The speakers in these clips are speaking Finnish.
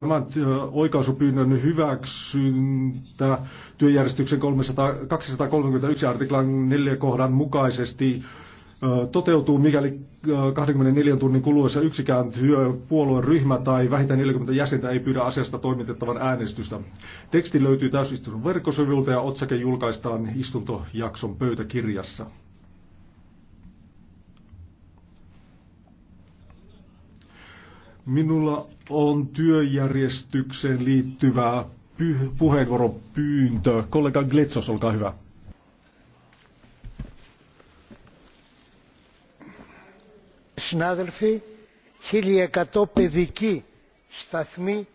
Tämän oikaisupyynnön hyväksyntä työjärjestyksen 300, 231 artiklan 4 kohdan mukaisesti toteutuu, mikäli 24 tunnin kuluessa yksikään työpuolueen ryhmä tai vähintään 40 jäsentä ei pyydä asiasta toimitettavan äänestystä. Teksti löytyy täysistunnon verkkosivuilta ja otsake julkaistaan istuntojakson pöytäkirjassa. Minulla on työjärjestykseen liittyvä puheenvuoropyyntö. Kollega Gletsos, olkaa hyvä. Συνάδελφοι, 1100 παιδικοί σταθμοί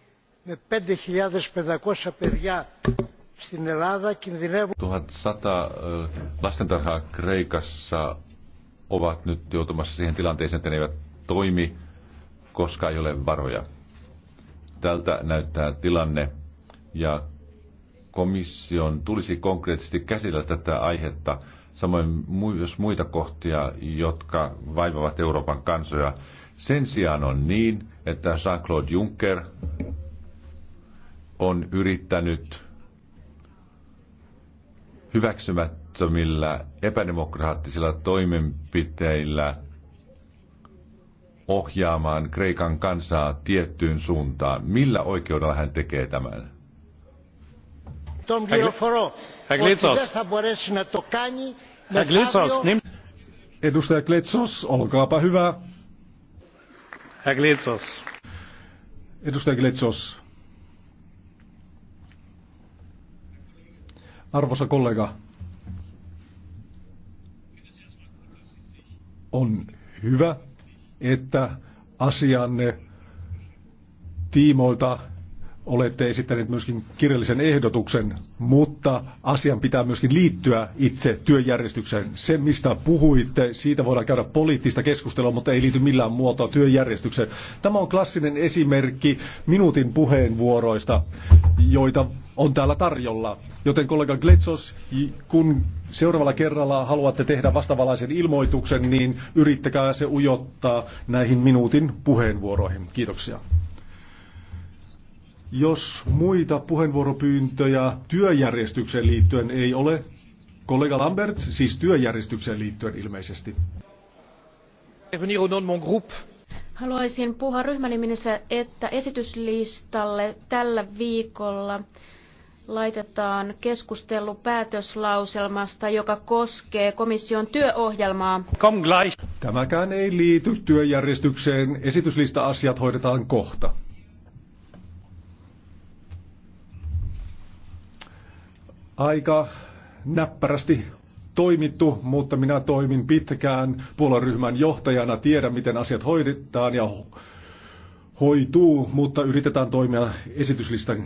με 5.500 παιδιά στην Ελλάδα κινδυνεύουν. 1100 lastentarhaa Kreikassa ovat nyt joutumassa siihen tilanteeseen, että ne eivät toimi, koska ei ole varoja. Tältä näyttää tilanne ja komission tulisi konkreettisesti käsitellä tätä aihetta, samoin myös muita kohtia, jotka vaivavat Euroopan kansoja. Sen sijaan on niin, että Jean-Claude Juncker on yrittänyt hyväksymättömillä epädemokraattisilla toimenpiteillä – ohjaamaan Kreikan kansaa tiettyyn suuntaan. Millä oikeudella hän tekee tämän? Edustaja Kletsos, olkaapa hyvä. Edustaja Gletsos. Arvoisa kollega, on hyvä, että asianne tiimoilta olette esittäneet myöskin kirjallisen ehdotuksen, mutta asian pitää myöskin liittyä itse työjärjestykseen. Se, mistä puhuitte, siitä voidaan käydä poliittista keskustelua, mutta ei liity millään muotoa työjärjestykseen. Tämä on klassinen esimerkki minuutin puheenvuoroista joita on täällä tarjolla. Joten kollega Gletsos, kun seuraavalla kerralla haluatte tehdä vastavalaisen ilmoituksen, niin yrittäkää se ujottaa näihin minuutin puheenvuoroihin. Kiitoksia. Jos muita puheenvuoropyyntöjä työjärjestykseen liittyen ei ole, kollega Lambert, siis työjärjestykseen liittyen ilmeisesti. au nom de mon groupe Haluaisin puhua ryhmäni nimessä, että esityslistalle tällä viikolla laitetaan keskustelu päätöslauselmasta, joka koskee komission työohjelmaa. Tämäkään ei liity työjärjestykseen. Esityslista-asiat hoidetaan kohta. Aika näppärästi toimittu, mutta minä toimin pitkään puolueryhmän johtajana, tiedän miten asiat hoidetaan ja hoituu, mutta yritetään toimia esityslistan